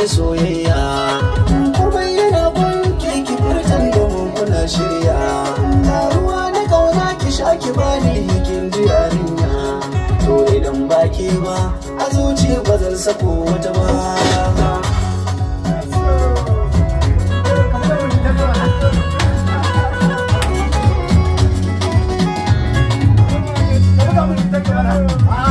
da soyayya kuma yana gunki ki furtan da mu kuna shirya ruwa na kauna ki sha ki bani hikin ji yarinya to idan ba ke ba a zuci ba zan sako wata ba